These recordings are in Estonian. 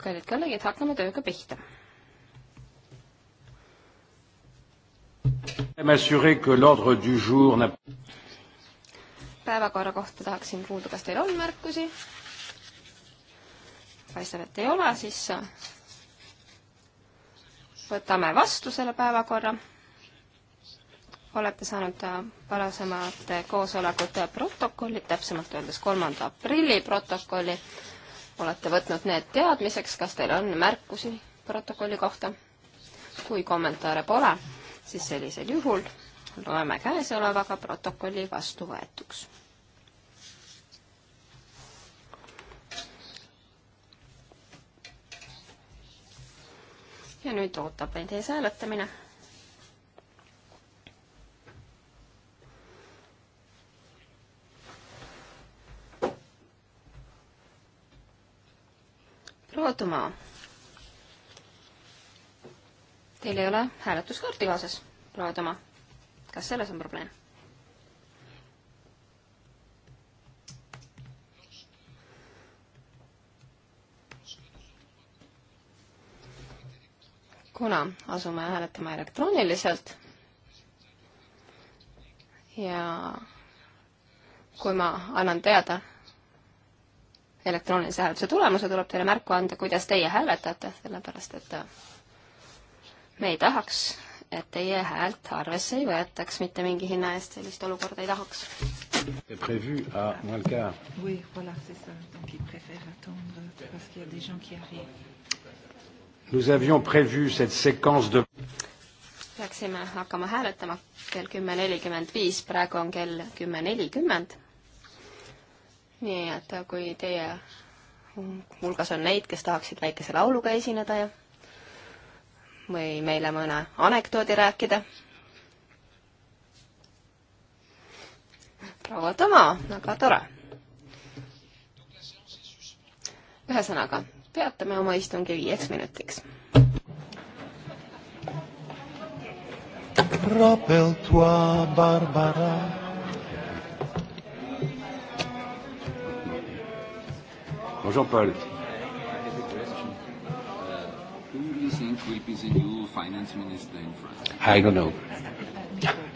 kallid kolleegid, hakkame tööga pihta. päevakorra kohta tahaksin kuulda, kas teil on märkusi? paistab, et ei ole, siis võtame vastu selle päevakorra olete saanud äh, varasemate koosolekute protokollid, täpsemalt öeldes kolmanda aprilli protokolli. olete võtnud need teadmiseks, kas teil on märkusi protokolli kohta? kui kommentaare pole, siis sellisel juhul loeme käesolevaga protokolli vastuvõetuks. ja nüüd ootab meid ees hääletamine proua Tuma. Teil ei ole hääletuskaarti kaasas, proua Tuma. kas selles on probleem? kuna asume hääletama elektrooniliselt ja kui ma annan teada elektroonilise hääletuse tulemuse, tuleb teile märku anda, kuidas teie hääletate, sellepärast et äh, me ei tahaks, et teie häält arvesse ei võetaks mitte mingi hinna eest, sellist olukorda ei tahaks. Oui, voilà, c'est ça. Donc ils préfèrent attendre parce qu'il y a des gens qui arrivent. Nous avions prévu cette séquence de Läksime hakkama hääletama kell kümme nelikümmend viis, praegu on kell kümme nelikümmend nii et kui teie hulgas on neid, kes tahaksid väikese lauluga esineda ja või meile mõne anekdoodi rääkida. proua Toma, väga tore. ühesõnaga, peatame oma istungi viieks minutiks. Rappelle-toi, Barbara. Bonjour, Paul. I have a question. Uh, who do you think will be the new finance minister in France? I don't know.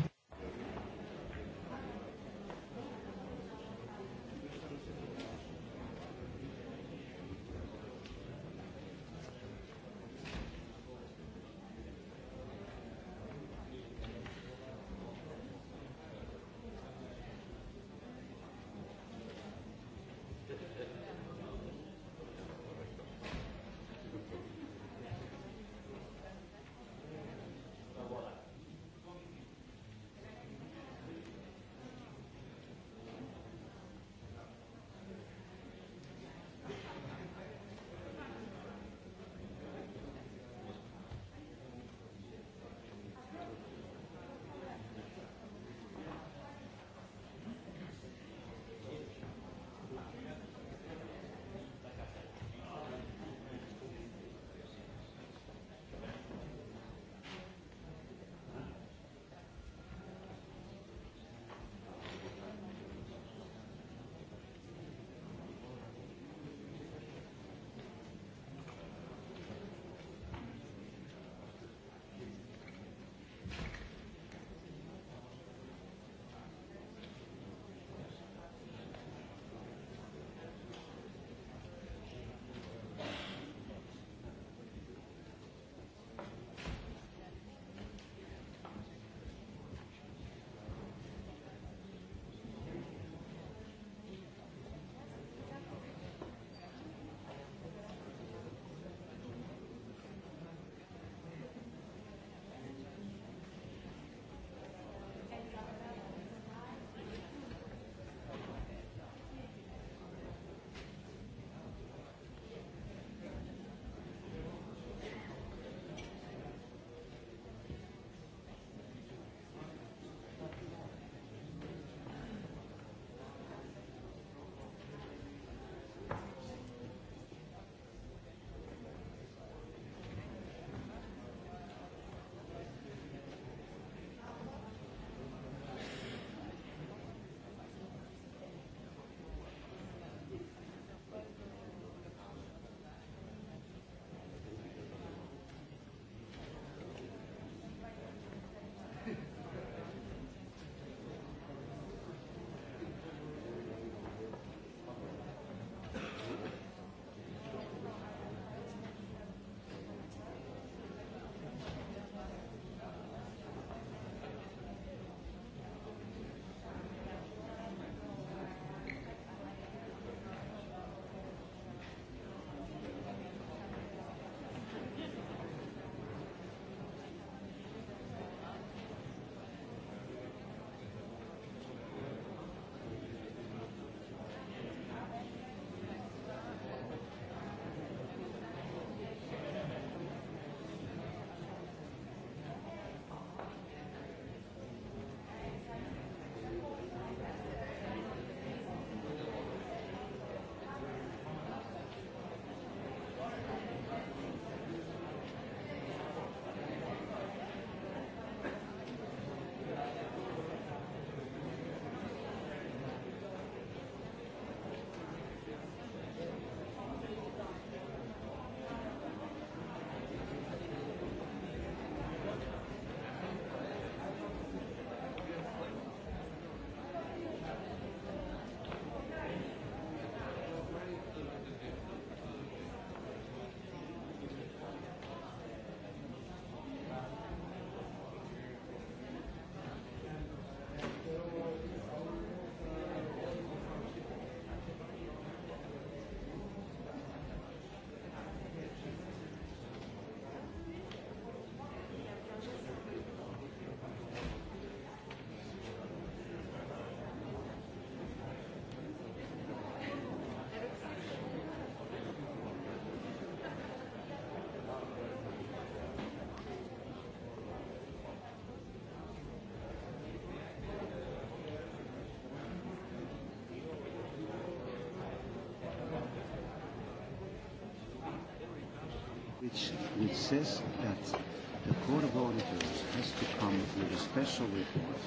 which, which says that the Court of Auditors has to come with a special report.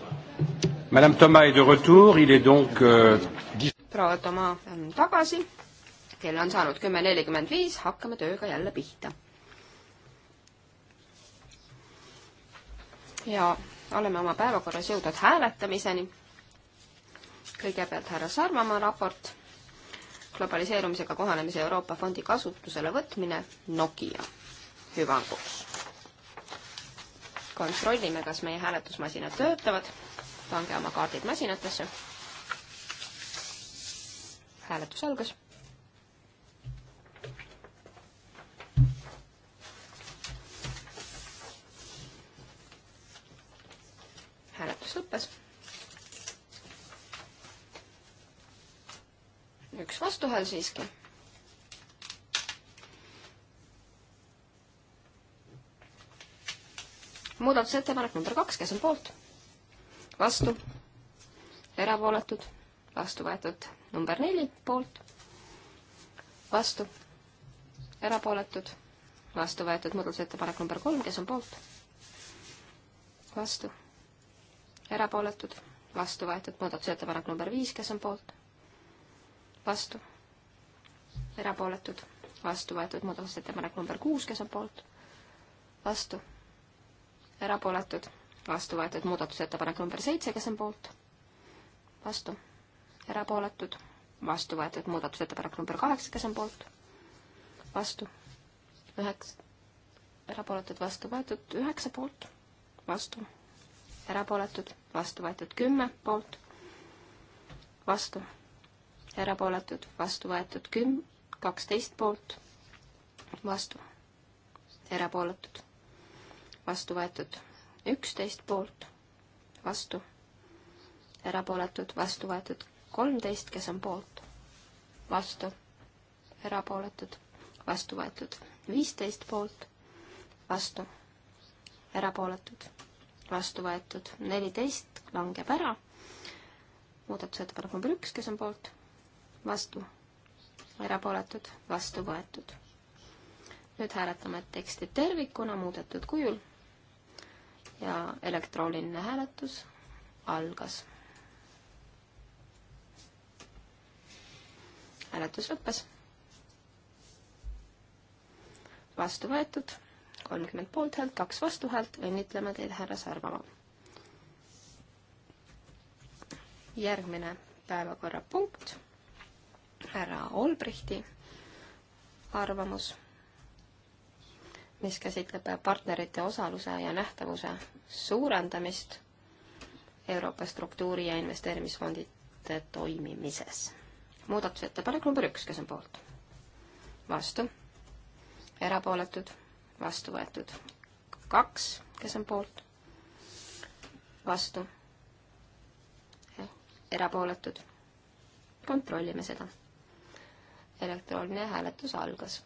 Madame Thomas est de retour, il est donc... Euh, proua Toma on tagasi, kell on saanud kümme nelikümmend viis, hakkame tööga jälle pihta. ja oleme oma päevakorras jõudnud hääletamiseni. kõigepealt härra Sarvamaa raport globaliseerumisega kohanemise Euroopa Fondi kasutusele võtmine Nokia hüvanguks. kontrollime, kas meie hääletusmasinad töötavad. pange oma kaardid masinatesse. hääletus algas. hääletus lõppes üks vastuhääl siiski. muudatusettepanek number kaks, kes on poolt? vastu? erapooletud? vastu võetud number neli, poolt? vastu? erapooletud? vastu võetud muudatusettepanek number kolm, kes on poolt? vastu? erapooletud? vastu võetud muudatusettepanek number viis, kes on poolt? vastu, erapooletud, vastu võetud muudatusettepanek number kuus, kes on poolt, vastu, erapooletud, vastu võetud muudatusettepanek number seitse, kes on poolt, vastu, erapooletud, vastu võetud muudatusettepanek number kaheksa, kes on poolt, vastu, üheksa, erapooletud, vastu võetud üheksa poolt, vastu, erapooletud, vastu võetud kümme poolt, vastu erapooletud, vastu võetud küm-, kaksteist poolt, vastu, erapooletud, vastu võetud üksteist poolt, vastu, erapooletud, vastu võetud kolmteist, kes on poolt, vastu, erapooletud, vastu võetud viisteist poolt, vastu, erapooletud, vastu võetud neliteist, langeb ära, muudatusettepanek number üks, kes on poolt vastu, erapooletud, vastu võetud. nüüd hääletame teksti tervikuna muudetud kujul ja elektrooniline hääletus algas. hääletus lõppes. vastu võetud, kolmkümmend poolthäält, kaks vastuhäält, õnnitleme teid, härra Sarvamaa. järgmine päevakorrapunkt härra Olbrichti arvamus, mis käsitleb partnerite osaluse ja nähtavuse suurendamist Euroopa struktuuri- ja investeerimisfondide toimimises. muudatusettepanek number üks, kes on poolt? vastu. erapooletud, vastu võetud. kaks, kes on poolt? vastu. erapooletud. kontrollime seda elektrooniline hääletus algas.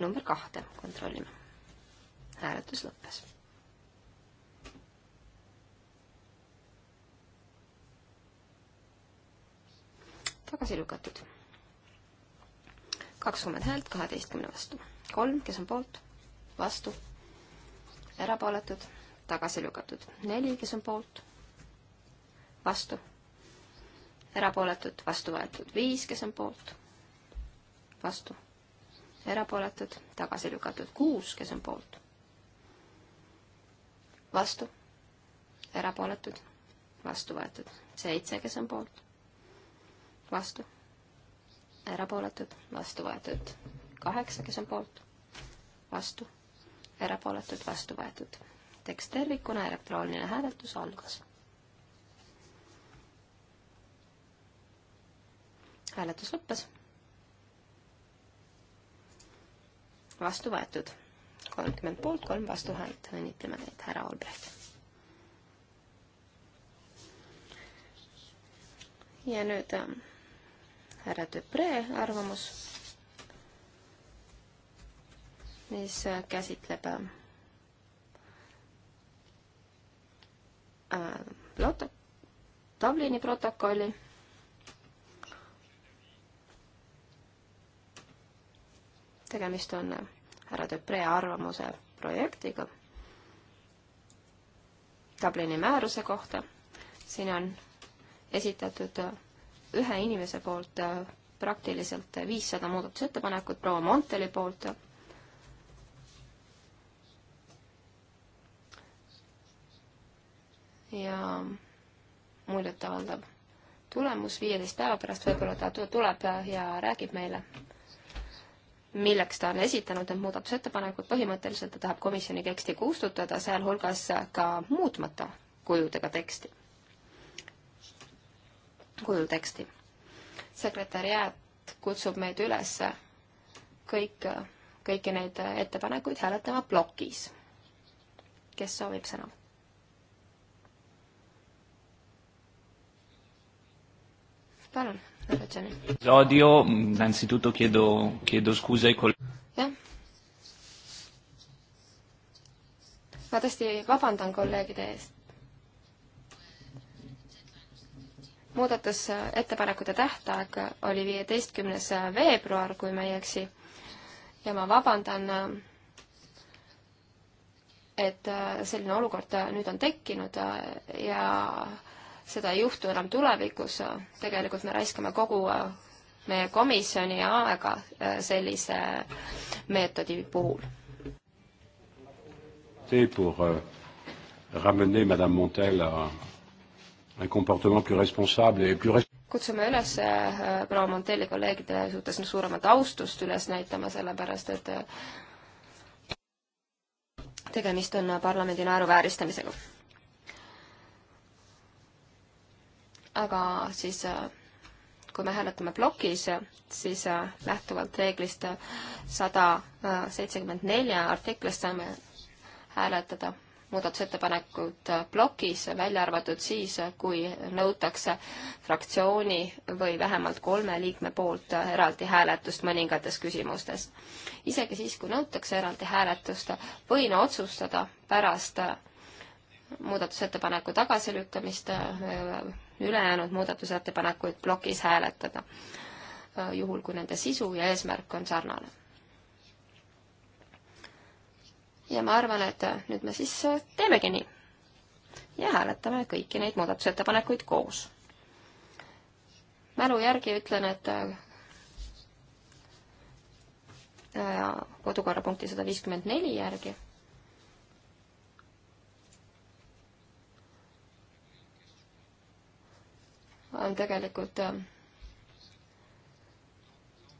number kahte kontrollime. hääletus lõppes. tagasi lükatud. kakskümmend häält kaheteistkümne vastu. kolm, kes on poolt, vastu, erapooletud, tagasi lükatud. neli, kes on poolt, vastu erapooletud, vastu võetud viis, kes on poolt, vastu, erapooletud, tagasi lükatud kuus, kes on poolt, vastu, erapooletud, vastu võetud seitse, kes on poolt, vastu, erapooletud, vastu võetud kaheksa, kes on poolt, vastu, erapooletud, vastu võetud. tekst tervikuna, elektrooniline hääletus algas hääletus lõppes. vastu võetud. kolmkümmend poolt, kolm vastuhäält. õnnitleme teid, härra Olbrecht. ja nüüd ähm, härra Dupre arvamus, mis äh, käsitleb ähm, äh, proto-, Dublini protokolli tegemist on härra Depre arvamuse projektiga Dublini määruse kohta. siin on esitatud ühe inimese poolt praktiliselt viissada muudatusettepanekut proua Monteli poolt. ja muljetavaldav tulemus viieteist päeva pärast võib-olla ta tuleb ja räägib meile milleks ta on esitanud need muudatusettepanekud, põhimõtteliselt ta tahab komisjoni teksti kustutada, sealhulgas ka muutmata kujudega teksti, kujul teksti. sekretäriaat kutsub meid üles kõik, kõiki neid ettepanekuid hääletama plokis. kes soovib sõna? palun situazione. Odio, innanzitutto chiedo, chiedo scusa ai colleghi. jah. ma tõesti vabandan kolleegide eest. muudatusettepanekute tähtaeg oli viieteistkümnes veebruar, kui ma ei eksi. ja ma vabandan, et selline olukord nüüd on tekkinud ja seda ei juhtu enam tulevikus, tegelikult me raiskame kogu äh, meie komisjoni aega äh, sellise äh, meetodi puhul. Pour euh, ramener Madame Montel à un comportement plus responsable et plus kutsume üles proua Montelli kolleegidele suhtes suuremat austust üles näitama, sellepärast et tegemist on parlamendi naeruvääristamisega aga siis äh, kui me hääletame plokis, siis äh, lähtuvalt reeglist äh, sada seitsekümmend neli artiklist saame hääletada muudatusettepanekud plokis, välja arvatud siis, kui nõutakse fraktsiooni või vähemalt kolme liikme poolt eraldi hääletust mõningates küsimustes. isegi siis, kui nõutakse eraldi hääletust, võin otsustada pärast muudatusettepaneku tagasilükkamist, äh, ülejäänud muudatusettepanekuid plokis hääletada, äh, juhul kui nende sisu ja eesmärk on sarnane. ja ma arvan, et äh, nüüd me siis teemegi nii ja hääletame kõiki neid muudatusettepanekuid koos. mälu järgi ütlen, et kodukorrapunkti sada viiskümmend neli järgi on tegelikult äh,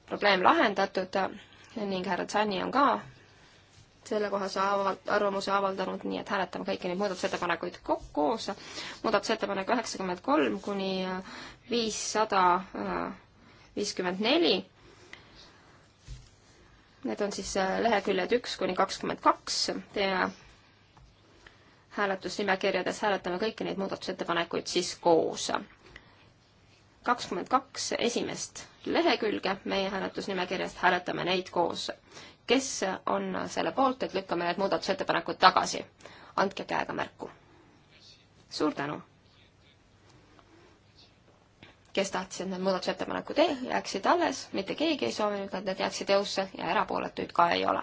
probleem lahendatud äh, ning härra Tsani on ka sellekohase avald, arvamuse avaldanud, nii et hääletame kõiki neid muudatusettepanekuid koos. muudatusettepanek üheksakümmend kolm kuni äh, viissada viiskümmend neli. Need on siis leheküljed üks kuni kakskümmend kaks. Teie hääletusnimekirjades hääletame kõiki neid muudatusettepanekuid siis koos kakskümmend kaks esimest lehekülge meie hääletusnimekirjast, hääletame neid koos. kes on selle poolt, et lükkame need muudatusettepanekud tagasi? andke käega märku. suur tänu! kes tahtsid, et need muudatusettepanekud eh, jääksid alles, mitte keegi ei soovinud, et need jääksid jõusse ja erapooletuid ka ei ole.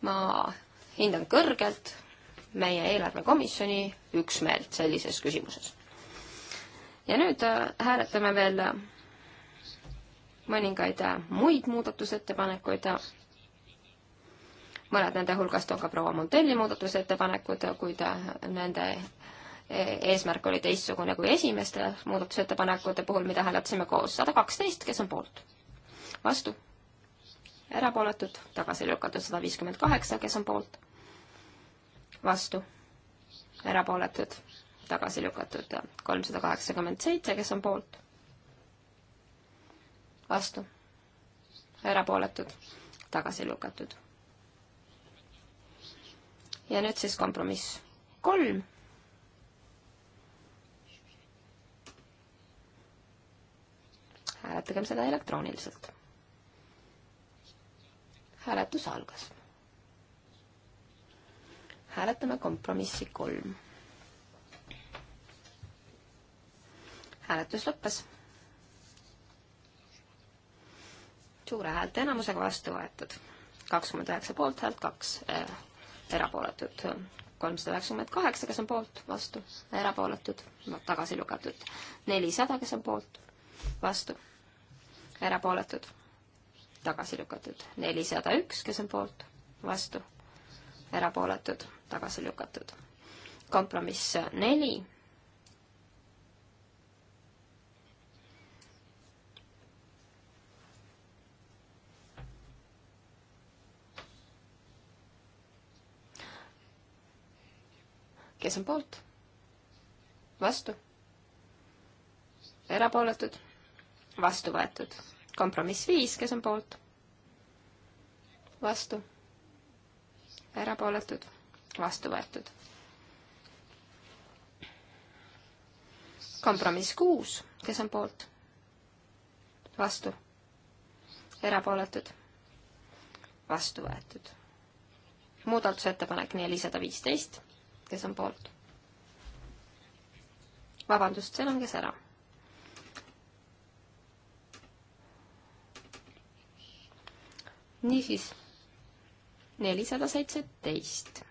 ma hindan kõrgelt meie eelarvekomisjoni üksmeelt sellises küsimuses ja nüüd äh, hääletame veel äh, mõningaid äh, muid muudatusettepanekuid. mõned nende hulgast on ka proua Montelli muudatusettepanekud, kuid nende e, eesmärk oli teistsugune kui esimeste muudatusettepanekute puhul, mida hääletasime koos. sada kaksteist, kes on poolt? vastu? erapooletud, tagasi lükatud sada viiskümmend kaheksa, kes on poolt? vastu? erapooletud, tagasi lükatud. kolmsada kaheksakümmend seitse, kes on poolt? vastu. erapooletud, tagasi lükatud. ja nüüd siis kompromiss kolm. hääletagem seda elektrooniliselt. hääletus algas hääletame kompromissi kolm hääletus lõppes. suure häälte enamusega vastu võetud. kakskümmend üheksa poolthäält, kaks äh, eh, erapooletut. kolmsada üheksakümmend kaheksa, kes on poolt, vastu, erapooletud, tagasi lükatud. nelisada, kes on poolt, vastu, erapooletud, tagasi lükatud. nelisada üks, kes on poolt, vastu, erapooletud, tagasi lükatud. kompromiss neli kes on poolt? vastu? erapooletud? vastu võetud. kompromiss viis, kes on poolt? vastu? erapooletud? vastu võetud. kompromiss kuus, kes on poolt? vastu? erapooletud? vastu võetud. muudatusettepanek nelisada viisteist kes on poolt? vabandust, see langes ära. niisiis, nelisada seitseteist.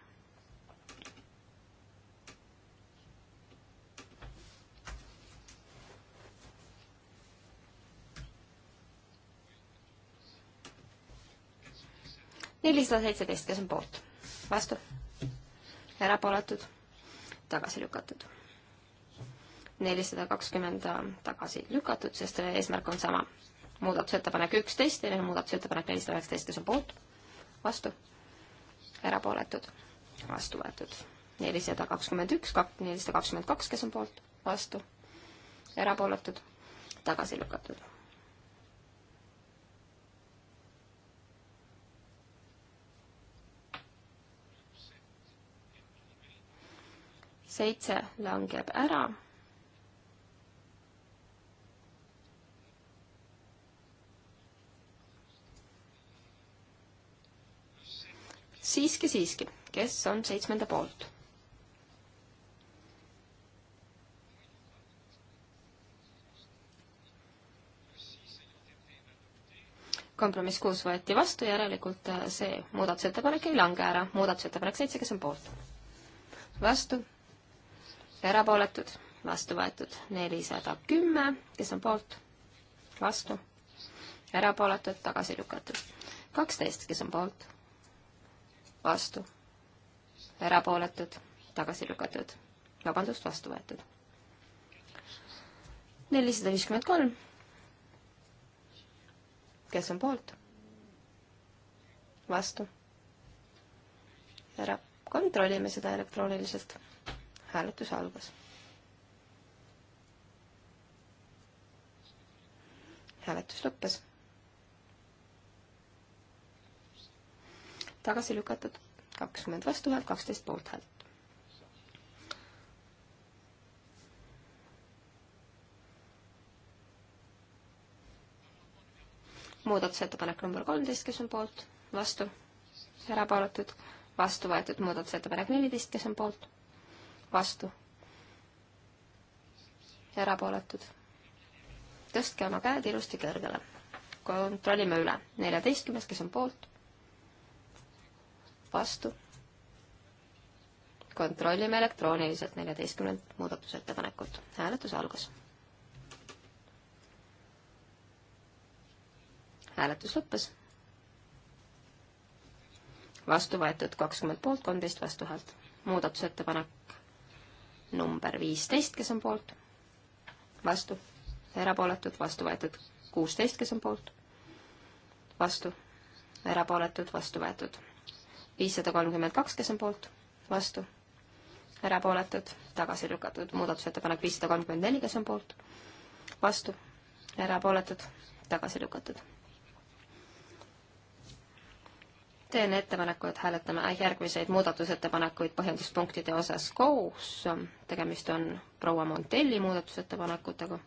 nelisada seitseteist, kes on poolt? vastu erapooletud, tagasi lükatud. nelisada kakskümmend tagasi lükatud, sest eesmärk on sama. muudatusettepanek üksteist, teine muudatusettepanek nelisada üheksateist, kes on poolt, vastu, erapooletud, vastu võetud. nelisada kakskümmend üks, nelisada kakskümmend kaks, kes on poolt, vastu, erapooletud, tagasi lükatud seitse langeb ära. siiski, siiski, kes on seitsmenda poolt? kompromiss kuus võeti vastu, järelikult äh, see muudatusettepanek ei lange ära. muudatusettepanek seitse, kes on poolt? vastu erapooletud, vastu võetud nelisada kümme, kes on poolt, vastu, erapooletud, tagasi lükatud. kaksteist, kes on poolt, vastu, erapooletud, tagasi lükatud, vabandust, vastu võetud. nelisada viiskümmend kolm, kes on poolt, vastu, ära, kontrollime seda elektrooniliselt hääletus algas. hääletus lõppes. tagasi lükatud kakskümmend vastuhäält, kaksteist poolthäält. muudatusettepanek number kolmteist, kes on poolt, vastu, erapooletud, vastu võetud muudatusettepanek neliteist, kes on poolt vastu, erapooletud. tõstke oma käed ilusti kõrgele. kontrollime üle. neljateistkümnes, kes on poolt, vastu, kontrollime elektrooniliselt neljateistkümnendat muudatusettepanekut. hääletus algas hääletus lõppes. vastu võetud kakskümmend poolt, kolmteist vastuhäält. muudatusettepanek number viisteist, kes on poolt, vastu, erapooletud, vastu võetud kuusteist, kes on poolt, vastu, erapooletud, vastu võetud viissada kolmkümmend kaks, kes on poolt, vastu, erapooletud, tagasi lükatud, muudatusettepanek viissada kolmkümmend neli, kes on poolt, vastu, erapooletud, tagasi lükatud teen ettepaneku, et hääletame järgmiseid muudatusettepanekuid põhjenduspunktide osas koos. tegemist on proua Montelli muudatusettepanekutega.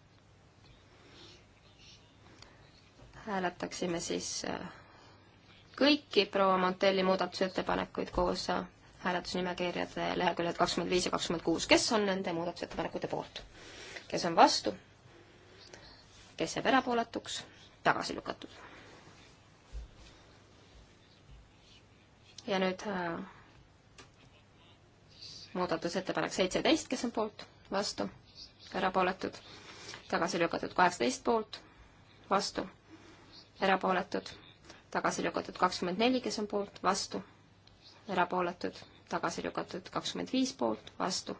hääletaksime siis äh, kõiki proua Montelli muudatusettepanekuid koos äh, hääletusnimekirjade leheküljed kakskümmend viis ja kakskümmend kuus. kes on nende muudatusettepanekute poolt? kes on vastu? kes jääb erapooletuks? tagasi lükatud ja nüüd äh, muudatusettepanek seitseteist, kes on poolt, vastu, erapooletud, tagasi lükatud kaheksateist poolt, vastu, erapooletud, tagasi lükatud kakskümmend neli, kes on poolt, vastu, erapooletud, tagasi lükatud kakskümmend viis poolt, vastu,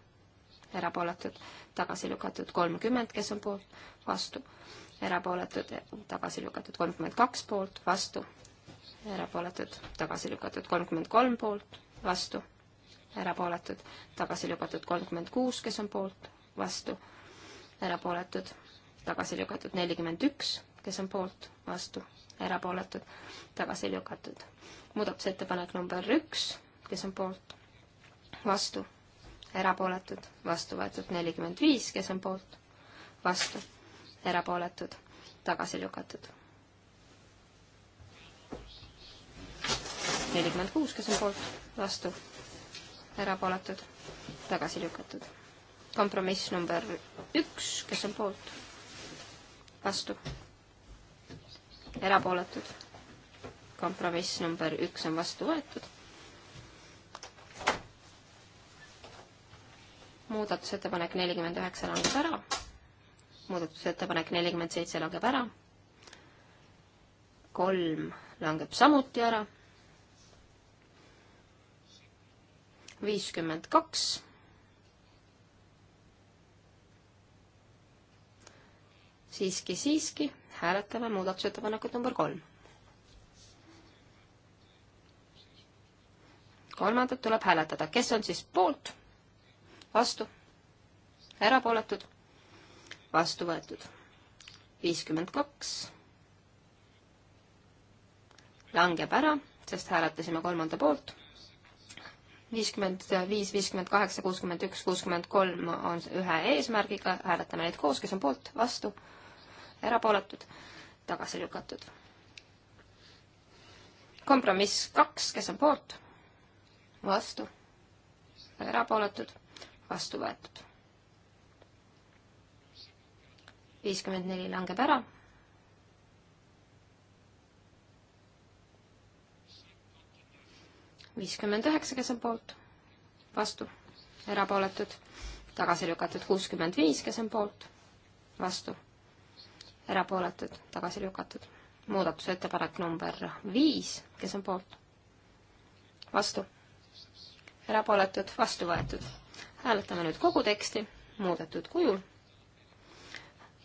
erapooletud, tagasi lükatud kolmkümmend, kes on poolt, vastu, erapooletud, tagasi lükatud kolmkümmend kaks poolt, vastu erapooletud, tagasi lükatud kolmkümmend kolm poolt, vastu, erapooletud, tagasi lükatud kolmkümmend kuus, kes on poolt, vastu, erapooletud, tagasi lükatud nelikümmend üks, kes on poolt, vastu, erapooletud, tagasi lükatud. muudatusettepanek number üks, kes on poolt, vastu, erapooletud, vastu võetud nelikümmend viis, kes on poolt, vastu, erapooletud, tagasi lükatud nelikümmend kuus, kes on poolt, vastu, erapooletud, tagasi lükatud. kompromiss number üks, kes on poolt, vastu, erapooletud, kompromiss number üks on vastu võetud. muudatusettepanek nelikümmend üheksa langeb ära, muudatusettepanek nelikümmend seitse langeb ära, kolm langeb samuti ära viiskümmend kaks. siiski, siiski, hääletame muudatusettepanekut number kolm. kolmandat tuleb hääletada, kes on siis poolt, vastu, erapooletud, vastu võetud. viiskümmend kaks langeb ära, sest hääletasime kolmanda poolt viiskümmend viis, viiskümmend kaheksa, kuuskümmend üks, kuuskümmend kolm on ühe eesmärgiga, hääletame neid koos, kes on poolt, vastu, erapooletud, tagasi lükatud. kompromiss kaks, kes on poolt, vastu, erapooletud, vastu võetud. viiskümmend neli langeb ära viiskümmend üheksa, kes on poolt, vastu, erapooletud, tagasi lükatud kuuskümmend viis, kes on poolt, vastu, erapooletud, tagasi lükatud. muudatusettepanek number viis, kes on poolt, vastu, erapooletud, vastu võetud. hääletame nüüd kogu teksti muudetud kujul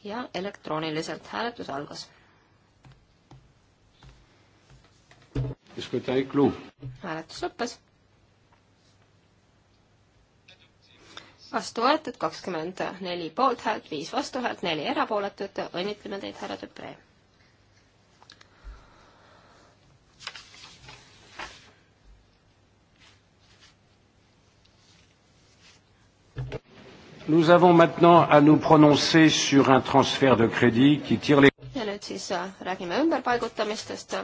ja elektrooniliselt hääletus algas hääletus lõppes. vastu võetud kakskümmend neli poolthäält, viis vastuhäält, neli erapooletut, õnnitleme teid, härra Tüpre. Nous avons maintenant à nous prononcer sur un transfert de crédit qui tire les... ja nüüd siis äh, räägime ümberpaigutamistest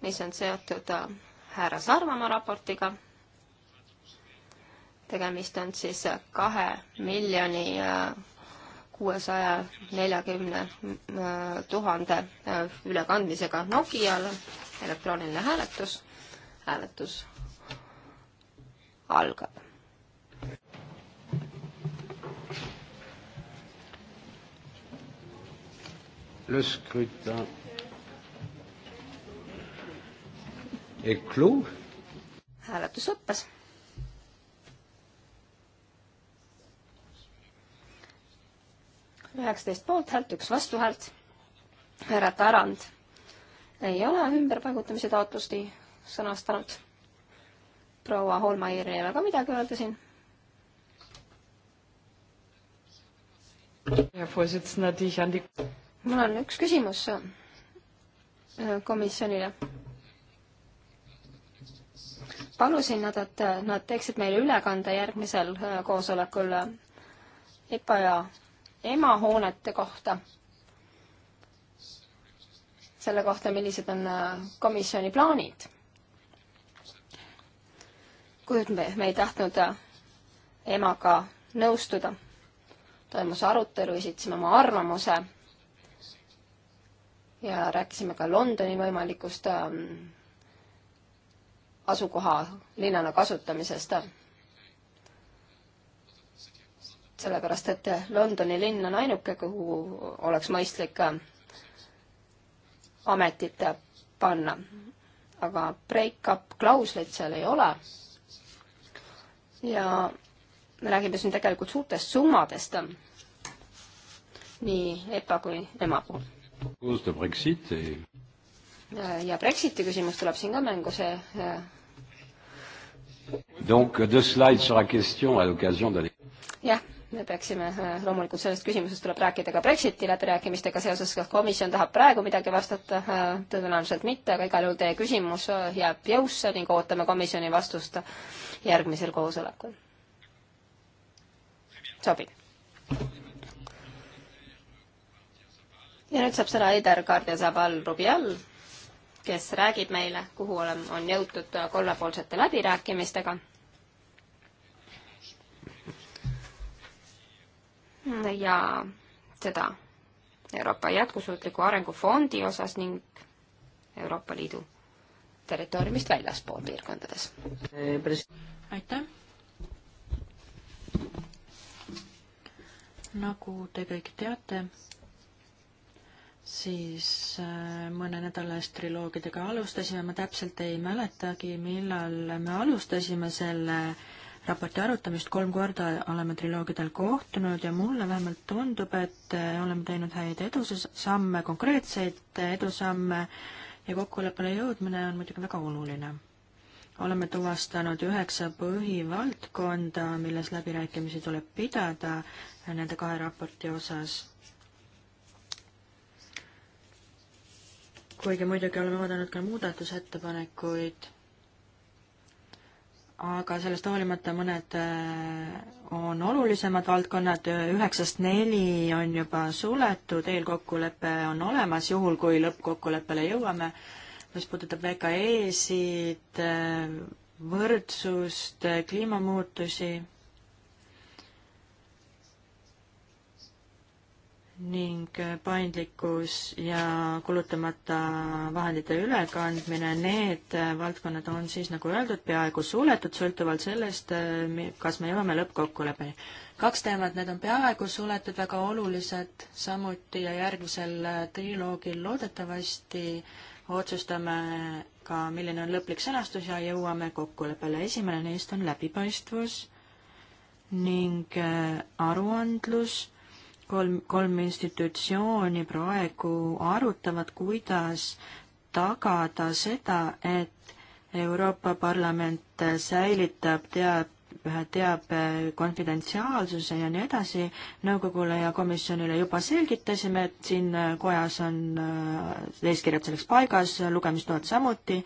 mis on seotud äh, härra Sarvamaa raportiga. tegemist on siis äh, kahe miljoni äh, kuuesaja neljakümne tuhande ülekandmisega Nokiale, elektrooniline hääletus, hääletus algab. Le scrutin hääletus lõppes. üheksateist poolthäält, üks vastuhäält. härra Tarand ei ole ümberpaigutamise taotlust sõnastanud. proua Holmaier ei ole ka midagi öelda siin. mul on üks küsimus äh, komisjonile palusin nad, et nad teeksid meile ülekande järgmisel äh, koosolekul EPA äh, ja EMA hoonete kohta. selle kohta, millised on äh, komisjoni plaanid. kuid me, me ei tahtnud emaga nõustuda. toimus arutelu, esitasime oma arvamuse ja rääkisime ka Londoni võimalikust ähm, asukoha linnana kasutamisest. sellepärast, et Londoni linn on ainuke, kuhu oleks mõistlik ametit panna. aga break-up klauslit seal ei ole. ja me räägime siin tegelikult suurtest summadest nii EPA kui EMA puhul. ja Brexiti küsimus tuleb siin ka mängu, see jah, me peaksime, äh, loomulikult sellest küsimusest tuleb rääkida ka Brexiti läbirääkimistega seoses, kas komisjon tahab praegu midagi vastata, äh, tõenäoliselt mitte, aga igal juhul teie küsimus äh, jääb jõusse ning ootame komisjoni vastust järgmisel koosolekul. sobib? ja nüüd saab sõna Eider Kardiasabal Rubial kes räägib meile, kuhu oleme, on jõutud kolmepoolsete läbirääkimistega. ja seda Euroopa Jätkusuutliku Arengu Fondi osas ning Euroopa Liidu territooriumist väljaspool piirkondades. aitäh! nagu te kõik teate, siis äh, mõne nädala eest triloogidega alustasime, ma täpselt ei mäletagi, millal me alustasime selle raporti arutamist, kolm korda oleme triloogidel kohtunud ja mulle vähemalt tundub, et äh, oleme teinud häid edusamme, konkreetseid äh, edusamme ja kokkuleppele jõudmine on muidugi väga oluline. oleme tuvastanud üheksa põhivaldkonda, milles läbirääkimisi tuleb pidada nende kahe raporti osas kuigi muidugi oleme vaadanud ka muudatusettepanekuid, aga sellest hoolimata mõned äh, on olulisemad valdkonnad, üheksast neli on juba suletud, eelkokkulepe on olemas, juhul kui lõppkokkuleppele jõuame, mis puudutab VKE-sid, äh, võrdsust, äh, kliimamuutusi ning paindlikkus ja kulutamata vahendite ülekandmine, need valdkonnad on siis, nagu öeldud, peaaegu suletud, sõltuvalt sellest, kas me jõuame lõppkokkuleppeni. kaks teemat, need on peaaegu suletud, väga olulised samuti ja järgmisel triloogil loodetavasti otsustame ka, milline on lõplik sõnastus ja jõuame kokkuleppele. esimene neist on läbipaistvus ning äh, aruandlus kolm, kolm institutsiooni praegu arutavad, kuidas tagada seda, et Euroopa Parlament säilitab teab, teabe konfidentsiaalsuse ja nii edasi. nõukogule ja komisjonile juba selgitasime, et siin äh, kojas on äh, eeskirjad selleks paigas, lugemistoad samuti.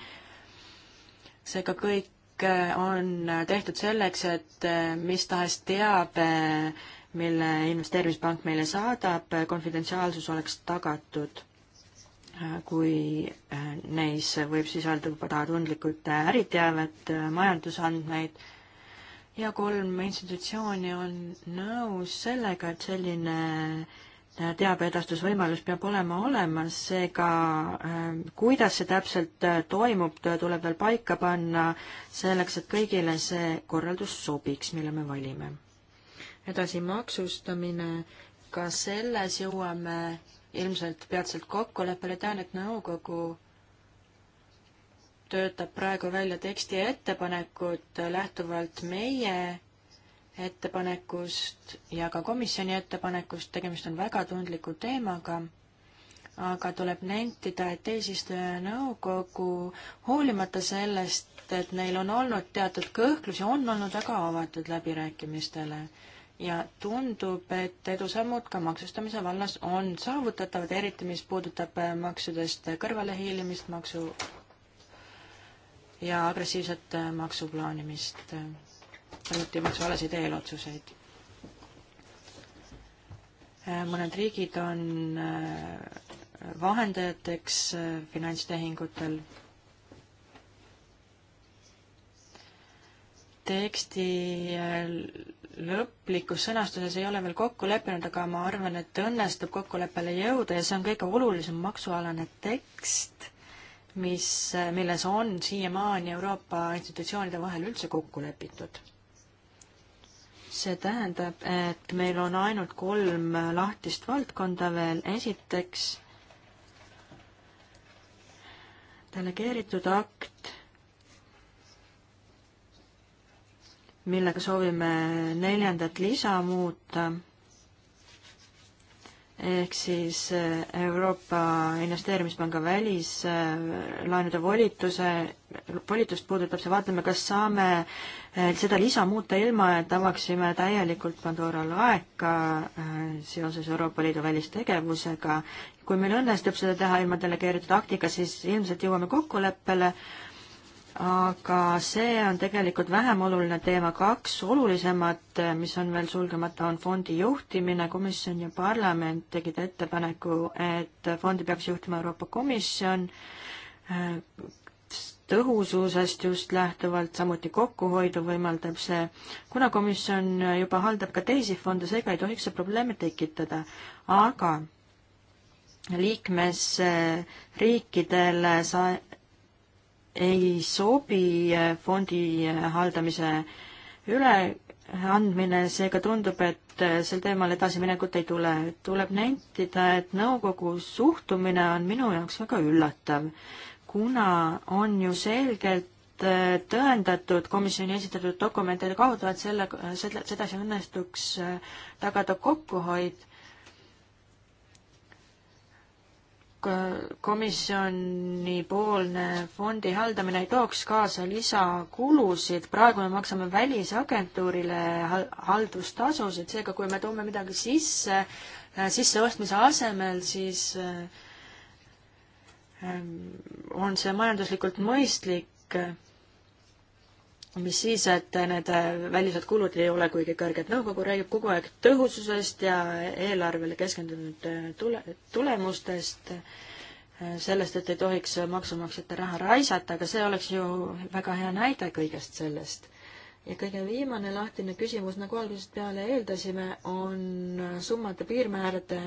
seega kõik äh, on tehtud selleks, et mis tahes teabe äh, mille investeerimispank meile saadab, konfidentsiaalsus oleks tagatud, kui äh, neis võib sisalduda tundlikult äriteavet, äh, majandusandmeid ja kolm institutsiooni on nõus sellega, et selline äh, teabeedastusvõimalus peab olema olemas, seega kuidas see täpselt toimub, tuleb veel paika panna selleks, et kõigile see korraldus sobiks, mille me valime edasi maksustamine, ka selles jõuame ilmselt peatselt kokkuleppele, tean, et nõukogu töötab praegu välja teksti ettepanekut lähtuvalt meie ettepanekust ja ka komisjoni ettepanekust, tegemist on väga tundliku teemaga aga tuleb nentida, et eesistuja nõukogu hoolimata sellest, et neil on olnud teatud kõhklusi, on olnud väga avatud läbirääkimistele ja tundub, et edusammud ka maksustamise vallas on saavutatavad, eriti mis puudutab äh, maksudest kõrvalehiilimist, maksu ja agressiivset äh, maksuplaanimist, äh, samuti maksualaseid eelotsuseid. mõned riigid on vahendajateks finantstehingutel. teksti lõplikus sõnastuses ei ole veel kokku leppinud, aga ma arvan, et õnnestub kokkuleppele jõuda ja see on kõige olulisem maksualane tekst, mis, milles on siiamaani Euroopa institutsioonide vahel üldse kokku lepitud. see tähendab, et meil on ainult kolm lahtist valdkonda veel, esiteks delegeeritud akt millega soovime neljandat lisa muuta, ehk siis eh, Euroopa Investeerimispanga välislaenude volituse, volitust puudutab see, vaatame, kas saame eh, seda lisa muuta ilma, et avaksime täielikult Pandora laeka eh, seoses Euroopa Liidu välistegevusega. kui meil õnnestub seda teha ilma delegeeritud aktiga, siis ilmselt jõuame kokkuleppele, aga see on tegelikult vähem oluline teema. kaks olulisemat, mis on veel sulgemata, on fondi juhtimine. komisjon ja parlament tegid ettepaneku, et fondi peaks juhtima Euroopa Komisjon äh, tõhususest just lähtuvalt, samuti kokkuhoidu võimaldab see. kuna komisjon juba haldab ka teisi fonde, seega ei tohiks see probleeme tekitada, aga liikmesriikidele sa-, ei sobi äh, fondi äh, haldamise üleandmine, seega tundub, et äh, sel teemal edasiminekut ei tule. tuleb nentida, et nõukogu suhtumine on minu jaoks väga üllatav, kuna on ju selgelt tõendatud komisjoni esitatud dokumentide kaudu, et selle, selle, sedasi õnnestuks tagada kokkuhoid komisjonipoolne fondi haldamine ei tooks kaasa lisakulusid, praegu me maksame välisagentuurile haldustasusid, seega kui me toome midagi sisse, äh, sisseostmise asemel, siis äh, ähm, on see majanduslikult mõistlik mis siis, et need välised kulud ei ole kuigi kõrged. nõukogu räägib kogu aeg tõhususest ja eelarvele keskendunud äh, tule, tulemustest, äh, sellest, et ei tohiks maksumaksjate raha raisata, aga see oleks ju väga hea näide kõigest sellest. ja kõige viimane lahtine küsimus, nagu algusest peale eeldasime, on summade piirmäärade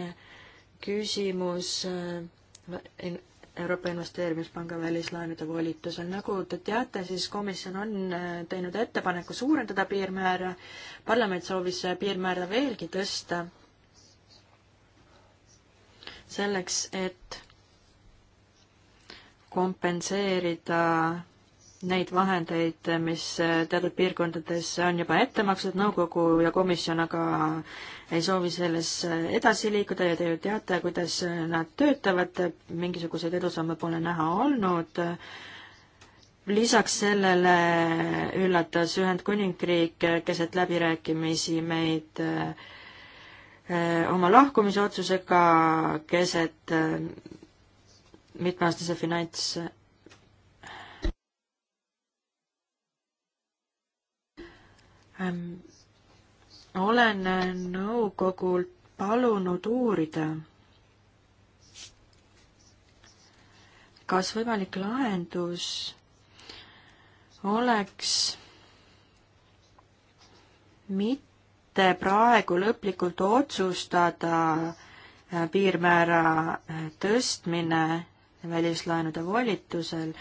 küsimus äh, Euroopa Investeerimispanga välislaenude volitusel. nagu te teate, siis komisjon on äh, teinud ettepaneku suurendada piirmäära, parlament soovis piirmäära veelgi tõsta, selleks et kompenseerida neid vahendeid, mis äh, teatud piirkondades on juba ette makstud, nõukogu ja komisjon aga ei soovi selles äh, edasi liikuda ja te ju teate, kuidas äh, nad töötavad, mingisuguseid edusamme pole näha olnud. lisaks sellele üllatas Ühendkuningriik keset läbirääkimisi meid oma lahkumisotsusega keset mitmeaastase finants Ähm, olen nõukogult palunud uurida, kas võimalik lahendus oleks mitte praegu lõplikult otsustada äh, piirmäära äh, tõstmine välislaenude volitusel,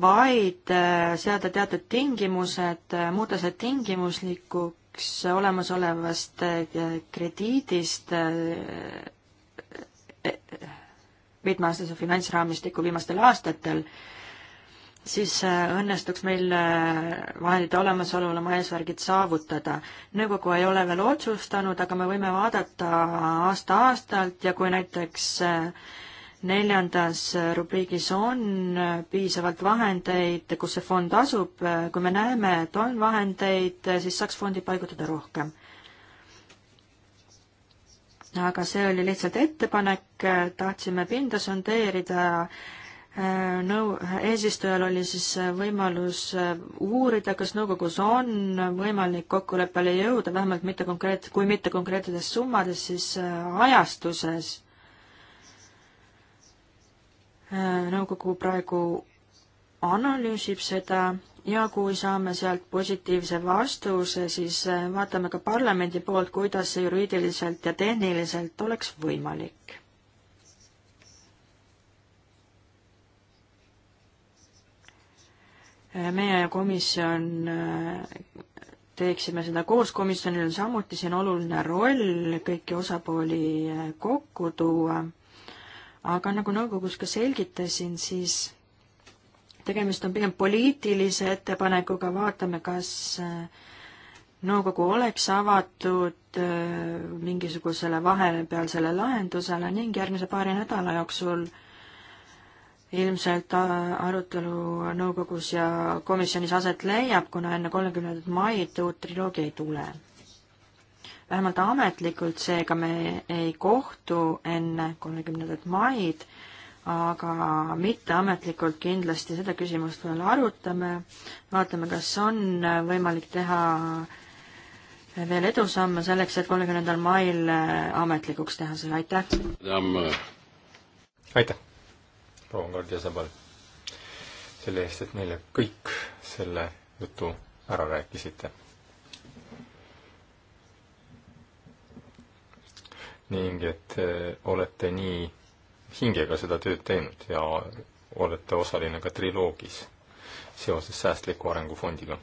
vaid äh, seada teatud tingimused, äh, muuta see tingimuslikuks olemasolevast äh, krediidist mitmeaastase finantsraamistiku viimastel aastatel, siis õnnestuks meil vahendite olemasolul oma eesmärgid saavutada. nõukogu ei ole veel otsustanud, aga me võime vaadata aasta-aastalt ja kui näiteks äh, neljandas rubriigis on piisavalt vahendeid, kus see fond asub, kui me näeme, et on vahendeid, siis saaks fondi paigutada rohkem. aga see oli lihtsalt ettepanek, tahtsime pinda sondeerida, nõu-, eesistujal oli siis võimalus uurida, kas nõukogus on võimalik kokkuleppele jõuda, vähemalt mitte konkreet-, kui mitte konkreetsetes summades, siis ajastuses Äh, nõukogu praegu analüüsib seda ja kui saame sealt positiivse vastuse, siis äh, vaatame ka parlamendi poolt, kuidas see juriidiliselt ja tehniliselt oleks võimalik. Äh, meie komisjon teeksime seda koos, komisjonil on samuti siin oluline roll kõiki osapooli kokku tuua aga nagu nõukogus ka selgitasin, siis tegemist on pigem poliitilise ettepanekuga, vaatame, kas äh, nõukogu oleks avatud äh, mingisugusele vahepealsele lahendusele ning järgmise paari nädala jooksul ilmselt äh, arutelu nõukogus ja komisjonis aset leiab, kuna enne kolmekümnendat maid uut triloogi ei tule vähemalt ametlikult, seega me ei kohtu enne kolmekümnendat maid, aga mitteametlikult kindlasti seda küsimust veel arutame, vaatame, kas on võimalik teha veel edusamme selleks, et kolmekümnendal mail ametlikuks teha see, aitäh! aitäh, proua Kardia Sabal, selle eest, et meile kõik selle jutu ära rääkisite ning et eh, olete nii hingega seda tööd teinud ja olete osaline ka triloogis seoses Säästliku Arengufondiga.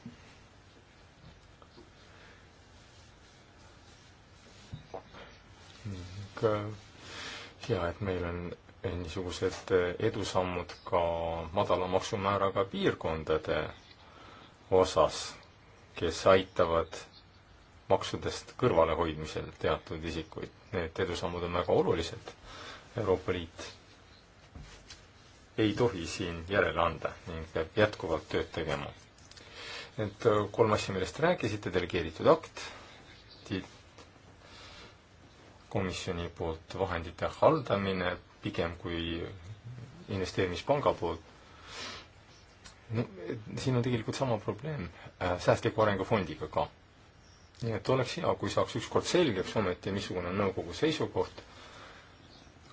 ning ja eh, et meil on niisugused eh, edusammud ka madala maksumääraga piirkondade osas, kes aitavad maksudest kõrvalehoidmisel teatud isikuid need edusammud on väga olulised. Euroopa Liit ei tohi siin järele anda ning peab jätkuvalt tööd tegema. et äh, kolm asja, millest rääkisite, delegeeritud akt, komisjoni poolt vahendite haldamine pigem kui investeerimispanga poolt. no siin on tegelikult sama probleem äh, säästliku arengu fondiga ka nii et oleks hea, kui saaks ükskord selgeks ometi, missugune on nõukogu seisukoht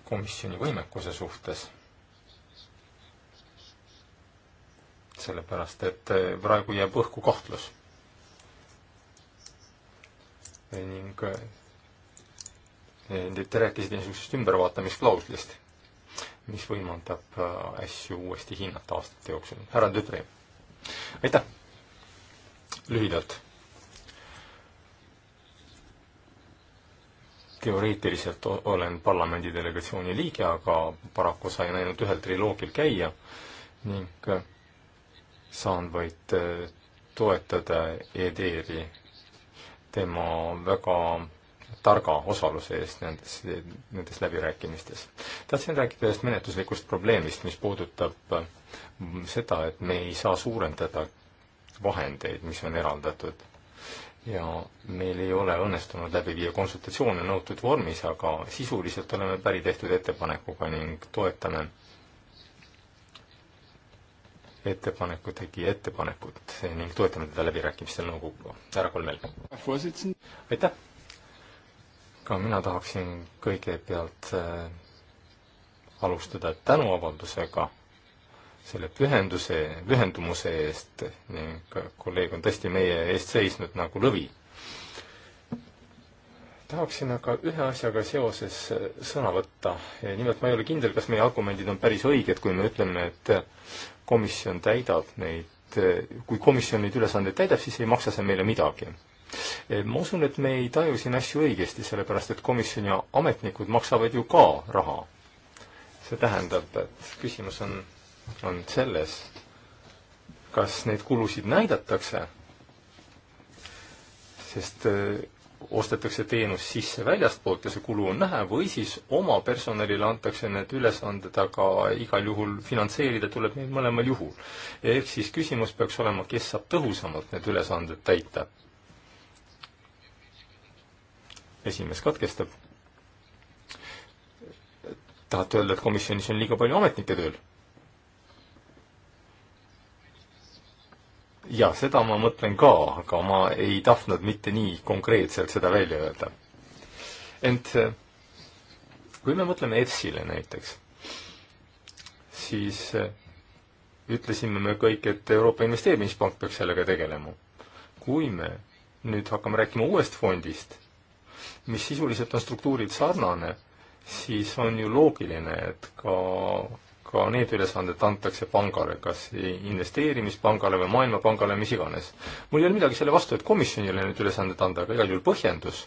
komisjoni võimekuse suhtes. sellepärast, et praegu jääb õhku kahtlus. ning eh, te rääkisite niisugusest ümbervaatamisklauslist, mis võimaldab eh, asju uuesti hinnata aastate jooksul. härra Tüdri, aitäh lühidalt teoreetiliselt olen parlamendi delegatsiooni liige, aga paraku sain ainult ühel triloogil käia ning äh, saan vaid äh, toetada EDR-i tema väga targa osaluse eest nendes, nendes läbirääkimistes. tahtsin rääkida ühest menetluslikust probleemist, mis puudutab äh, seda, et me ei saa suurendada vahendeid, mis on eraldatud ja meil ei ole õnnestunud läbi viia konsultatsioone nõutud vormis, aga sisuliselt oleme päri tehtud ettepanekuga ning toetame ettepaneku tegi ettepanekut ning toetame teda läbirääkimistel nõukoguga. härra Kolmel. aitäh! ka mina tahaksin kõigepealt äh, alustada tänuavaldusega selle pühenduse, pühendumuse eest ning kolleeg on tõesti meie eest seisnud nagu lõvi. tahaksin aga ühe asjaga seoses sõna võtta, nimelt ma ei ole kindel, kas meie argumendid on päris õiged, kui me ütleme, et komisjon täidab neid, kui komisjon neid ülesandeid täidab, siis ei maksa see meile midagi. ma usun, et me ei taju siin asju õigesti, sellepärast et komisjoni ametnikud maksavad ju ka raha. see tähendab, et küsimus on on selles, kas neid kulusid näidatakse, sest äh, ostetakse teenus sisse väljastpoolt ja see kulu on näha, või siis oma personalile antakse need ülesanded, aga igal juhul finantseerida tuleb neid mõlemal juhul. ehk siis küsimus peaks olema, kes saab tõhusamalt need ülesanded täita. esimees katkestab. tahate öelda, et komisjonis on liiga palju ametnikke tööl? jaa, seda ma mõtlen ka, aga ma ei tahtnud mitte nii konkreetselt seda välja öelda. ent eh, kui me mõtleme EFSile näiteks, siis eh, ütlesime me kõik, et Euroopa Investeerimispank peaks sellega tegelema. kui me nüüd hakkame rääkima uuest fondist, mis sisuliselt on struktuurilt sarnane, siis on ju loogiline, et ka ka need ülesanded antakse pangale, kas investeerimispangale või Maailmapangale, mis iganes. mul ei ole midagi selle vastu, et komisjonile need ülesanded anda, aga igal juhul põhjendus,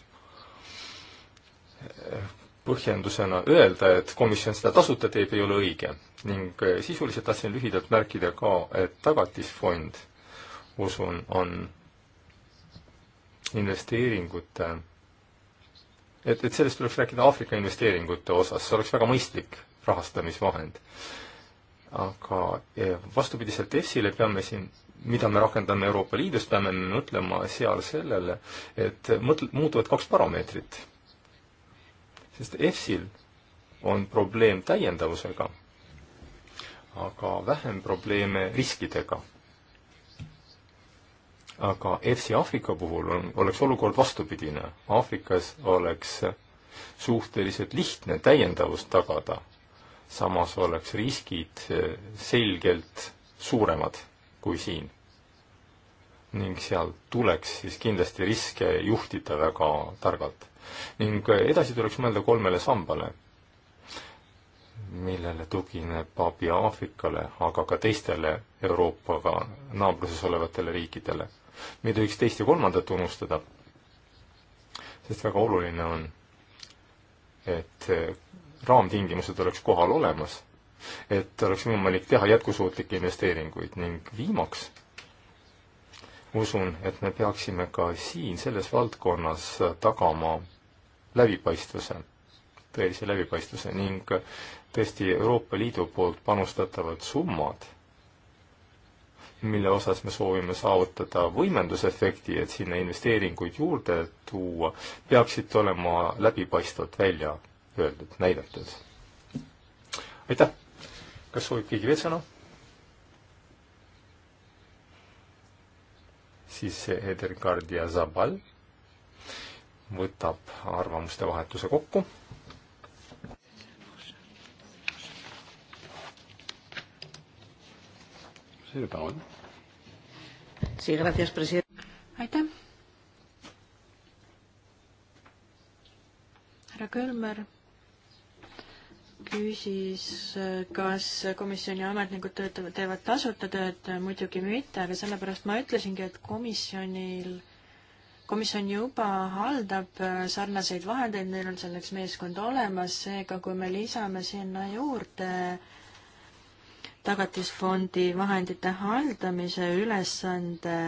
põhjendusena öelda, et komisjon seda tasuta teeb, ei ole õige. ning sisuliselt tahtsin lühidalt märkida ka, et Tagatisfond, usun, on investeeringute, et, et sellest tuleks rääkida Aafrika investeeringute osas, see oleks väga mõistlik rahastamisvahend. aga eh, vastupidiselt EFSile peame siin mida me rakendame Euroopa Liidus, peame me mõtlema seal sellele, et mõtle, muutuvad kaks parameetrit. sest EFSil on probleem täiendavusega, aga vähem probleeme riskidega. aga EFSi Aafrika puhul on, oleks olukord vastupidine. Aafrikas oleks suhteliselt lihtne täiendavust tagada samas oleks riskid eh, selgelt suuremad kui siin. ning seal tuleks siis kindlasti riske juhtida väga targalt. ning eh, edasi tuleks mõelda kolmele sambale, millele tugineb abi Aafrikale, aga ka teistele Euroopaga naabruses olevatele riikidele. me ei tohiks teist ja kolmandat unustada, sest väga oluline on, et eh, raamtingimused oleks kohal olemas, et oleks võimalik teha jätkusuutlikke investeeringuid ning viimaks usun, et me peaksime ka siin selles valdkonnas tagama läbipaistvuse, tõelise läbipaistvuse ning tõesti Euroopa Liidu poolt panustatavad summad mille osas me soovime saavutada võimendusefekti, et sinna investeeringuid juurde tuua, peaksid olema läbipaistvalt välja öeldud, näidatud. aitäh! kas soovib keegi veel sõna? siis Edergard ja Zabal võtab arvamuste vahetuse kokku. aitäh. härra Kölmer küsis, kas komisjoni ametnikud töötavad, teevad tasuta tööd, muidugi mitte, aga sellepärast ma ütlesingi, et komisjonil, komisjon juba haldab äh, sarnaseid vahendeid, neil on selleks meeskond olemas, seega kui me lisame sinna juurde tagatisfondi vahendite haldamise ülesande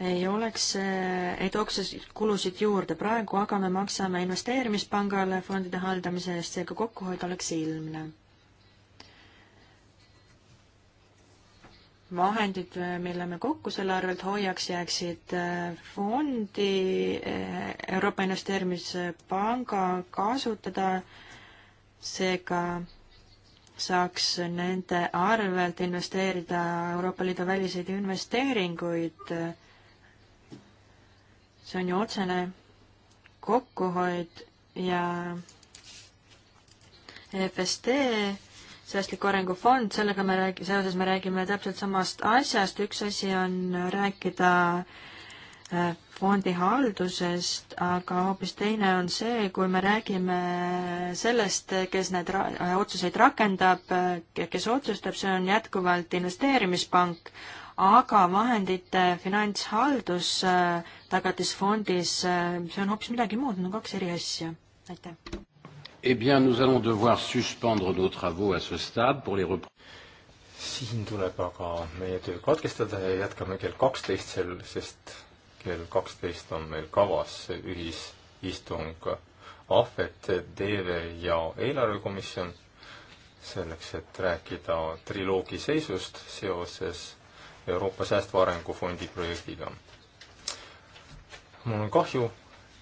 ei oleks, äh, ei tooks kulusid juurde. praegu aga me maksame investeerimispangale fondide haldamise eest, seega kokkuhoid oleks ilmne. vahendid, äh, mille me kokku selle arvelt hoiaks, jääksid äh, fondi Euroopa Investeerimispanga kasutada, seega saaks nende arvelt investeerida Euroopa Liidu väliseid investeeringuid see on ju otsene kokkuhoid ja EFSD, säästliku arengu fond, sellega me räägi-, seoses me räägime täpselt samast asjast, üks asi on rääkida äh, fondi haldusest, aga hoopis teine on see, kui me räägime sellest, kes need ra äh, otsuseid rakendab, äh, kes otsustab, see on jätkuvalt investeerimispank, aga vahendite finantshaldus äh, tagatisfondis, äh, see on hoopis midagi muud, need on kaks eri asja. aitäh. Eh bien, nous allons devoir suspendre nos travaux à ce stade pour les reprendre siin tuleb aga meie töö katkestada ja jätkame kell kaksteist sel, sest kell kaksteist on meil kavas ühisistung Ahvet, Teeve ja eelarvekomisjon selleks, et rääkida triloogi seisust seoses Euroopa Säästva Arengu Fondi projektiga. mul on kahju,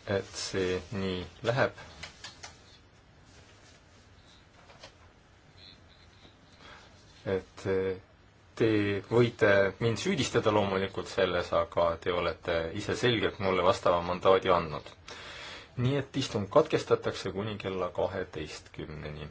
et see nii läheb. et te võite mind süüdistada loomulikult selles, aga te olete ise selgelt mulle vastava mandaadi andnud. nii et istung katkestatakse kuni kella kaheteistkümneni